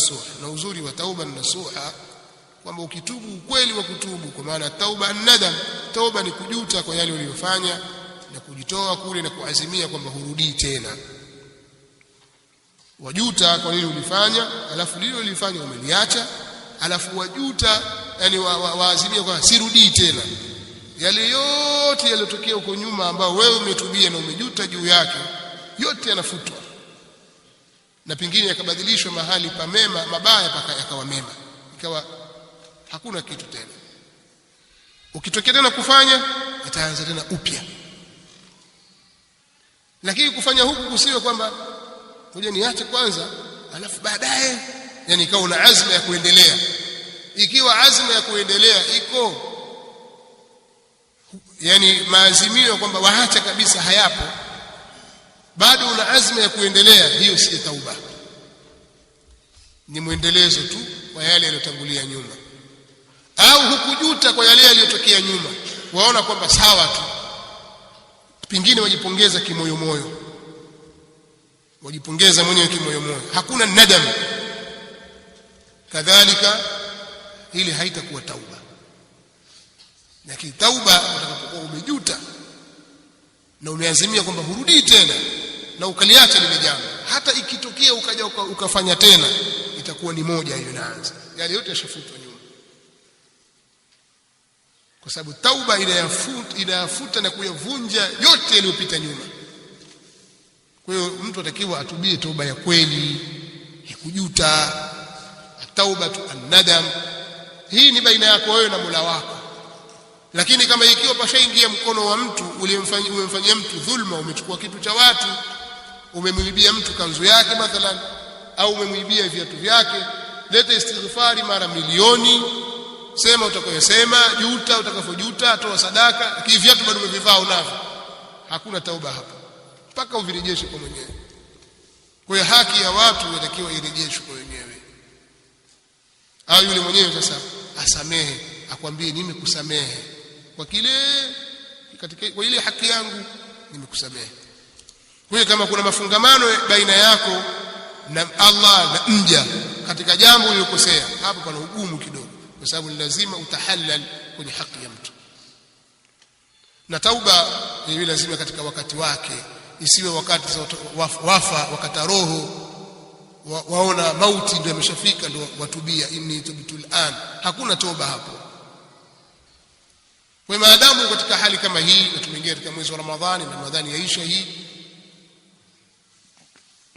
nasuha na uzuri wa tauba nasuha kwamba ukitubu ukweli wa kutubu kwa maana tauba nadam tauba ni kujuta kwa yale uliyofanya na kujitoa kule na kuazimia kwamba hurudii tena wajuta kwa lile ulifanya alafu lile ulifanya umeliacha alafu wajuta yani waazimia wa, wa kwamba sirudii tena yale yote yaliyotokea huko nyuma ambao wewe umetubia na umejuta juu yake yote yanafutwa na pengine yakabadilishwa mahali pa mema mabaya paka yakawa mema ikawa hakuna kitu tena ukitokea tena kufanya ataanza tena upya lakini kufanya huku kusiwe kwamba ngoja niache kwanza alafu baadaye yani ikawa una azma ya kuendelea ikiwa azma ya kuendelea iko yani maazimio kwamba waacha kabisa hayapo bado una azma ya kuendelea, hiyo si tauba, ni mwendelezo tu kwa yale yaliyotangulia nyuma, au hukujuta kwa yale yaliyotokea nyuma, waona kwamba sawa tu, pengine wajipongeza kimoyomoyo, wajipongeza mwenyewe kimoyomoyo, hakuna nadam, kadhalika ili haitakuwa tauba. Lakini tauba utakapokuwa umejuta na umeazimia kwamba hurudii tena na ukaliacha lile jambo, hata ikitokea ukaja uka, ukafanya tena itakuwa ni moja hiyo, inaanza yale yote yashafutwa nyuma, kwa sababu tauba inayafuta, inayafuta na kuyavunja yote yaliyopita nyuma. Kwa hiyo mtu atakiwa atubie toba ya kweli ya kujuta, ataubatu annadam. Hii ni baina yako wewe na Mola wako, lakini kama ikiwa pashaingia mkono wa mtu uliyemfanyia mtu dhulma, umechukua kitu cha watu umemwibia mtu kanzu yake mathalan, au umemwibia viatu vyake, leta istighfari mara milioni, sema utakayosema, juta utakapojuta, toa sadaka, lakini viatu bado umevivaa unavyo, hakuna tauba hapa mpaka uvirejeshe kwa mwenyewe. Kwa hiyo haki ya watu inatakiwa irejeshwe kwa wenyewe, au yule mwenyewe sasa asamehe, akwambie nimekusamehe kwa kile katika, kwa ile haki yangu nimekusamehe. Kwa kama kuna mafungamano baina yako na Allah na mja katika jambo uliyokosea hapo pana ugumu kidogo, kwa sababu ni lazima utahalal kwenye haki ya mtu, na tauba ni lazima katika wakati wake, isiwe wakati za wafa wakata roho wa, waona mauti ndio yameshafika ndio watubia, inni tubtul an, Hakuna toba hapo. Kwa maadamu katika hali kama hii, na tumeingia katika mwezi wa Ramadhani, Ramadhani yaisha hii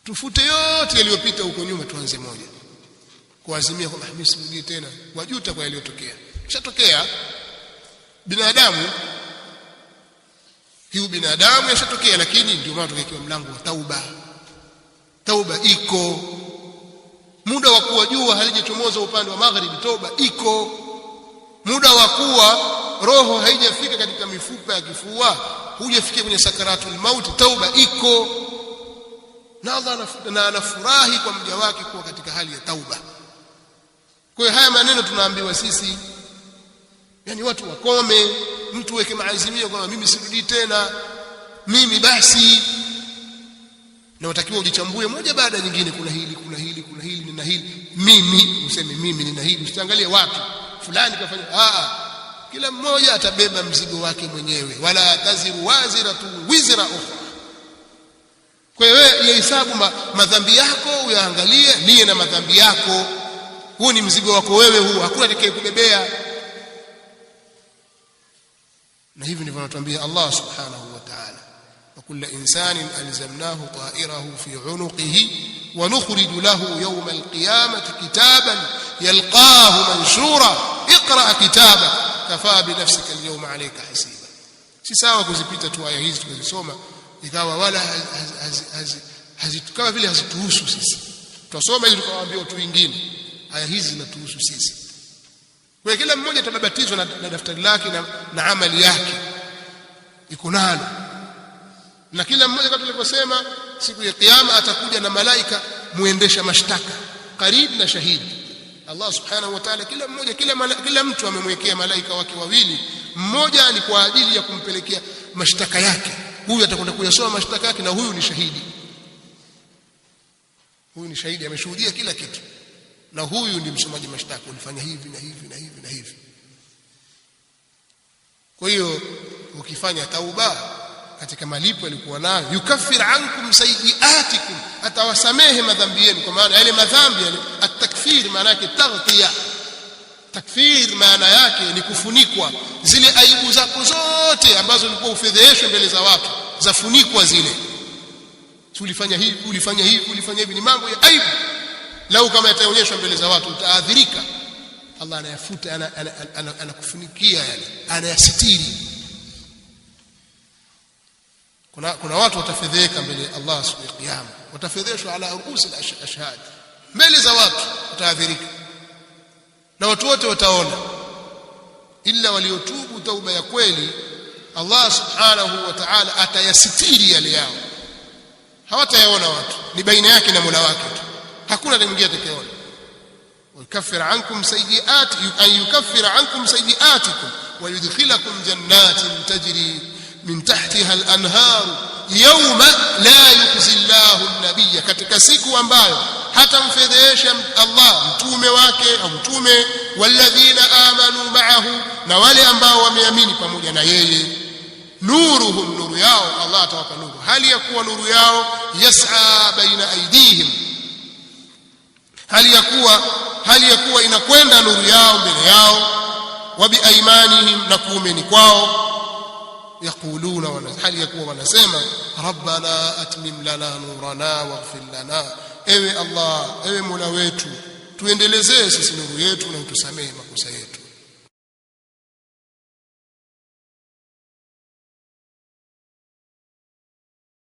tufute yote yaliyopita huko nyuma tuanze moja kuazimia kwamba ah, mimi sirudii tena wajuta kwa yaliyotokea kishatokea binadamu hiyo binadamu yashatokea lakini ndio maana tukakiwa mlango wa tauba tauba iko muda wa kuwa jua halijachomoza upande wa magharibi toba iko muda wa kuwa roho haijafika katika mifupa ya kifua hujafikia kwenye sakaratul mauti tauba iko na Allah na anafurahi kwa mja wake kuwa katika hali ya tauba. Kwa haya maneno tunaambiwa sisi, yani watu wakome, mtu weke maazimio kwamba mimi sirudii tena, mimi basi. Na watakiwa ujichambue moja baada ya nyingine, kuna hili, kuna hili, kuna hili, nina hili mimi, useme mimi nina hili, usiangalie watu fulani kafanya. Aa, kila mmoja atabeba mzigo wake mwenyewe, wala taziru waziratu wizra ukhra kwa hiyo wewe yahesabu ma, madhambi yako uyaangalie niye na madhambi yako huu ni mzigo wako wewe huu hakuna atakayekubebea na hivi ndivyo anatuambia Allah subhanahu wa ta'ala وكل إنسان ألزمناه طائره في عنقه ونخرج له يوم القيامة كتابا يلقاه منشورا اقرأ كتابك كفى بنفسك اليوم عليك حسيبا si sawa kuzipita tu aya hizi tukazisoma ikawa wala kama vile hazituhusu sisi. twasoma ili tukawaambia watu wengine, aya hizi zinatuhusu sisi. Kwa kila mmoja atababatizwa na, na daftari lake na, na amali yake iko nalo, na kila mmoja kama tulivyosema, siku ya Kiyama atakuja na malaika muendesha mashtaka, karibu na shahidi. Allah subhanahu wa ta'ala, kila mmoja kila, kila mtu amemwekea malaika wake wawili, mmoja ni kwa ajili ya kumpelekea mashtaka yake huyu atakwenda kuyasoma mashtaka yake na huyu ni shahidi huyu ni shahidi ameshuhudia kila kitu na huyu ni msomaji mashtaka ulifanya hivi na hivi na hivi na hivi kwa hiyo ukifanya tauba katika malipo yalikuwa nayo yukaffir ankum sayiatikum atawasamehe madhambi yenu kwa maana yale madhambi yale atakfir maana yake taghtiya Takfir maana yake ni kufunikwa zile aibu zako zote ambazo ulikuwa ufedheheshwe mbele za watu, zafunikwa zile. Ulifanya hivi, ulifanya hivi, ulifanya hivi, ni mambo ya aibu. Lau kama yataonyeshwa mbele za watu, utaadhirika Allah anayafuta, anakufunikia, yani anayasitiri. Kuna, kuna watu watafedheheka mbele ya Allah siku ya Kiyama, watafedheshwa ala ruusi al mbele za watu utaadhirika na watu wote wataona, ila waliotubu tauba ya kweli, Allah subhanahu wa ta'ala atayasitiri yale yao, hawatayaona watu, ni baina yake na mula wake tu, hakuna mwingine atakayeona. Yukaffir ankum sayyi'atikum ay yukaffir ankum sayyi'atikum wa yudkhilakum jannatin tajri min tahtiha al yauma la yukzi llahu nabiya, katika siku ambayo hatamfedhehesha Allah mtume wake au mtume, walladhina amanu maahu, na wale ambao wameamini pamoja na yeye. Nuruhum, nuru yao, Allah atawapa nuru, hali ya kuwa nuru yao yas'a baina aidihim, hali ya kuwa hali ya kuwa inakwenda nuru yao mbele yao, wa biaimanihim, na kuumeni kwao yaquluna, hali ya kuwa wanasema rabbana atmim lana nurana waghfir lana, ewe Allah, ewe mola wetu tuendelezee sisi nuru yetu na utusamehe makosa yetu.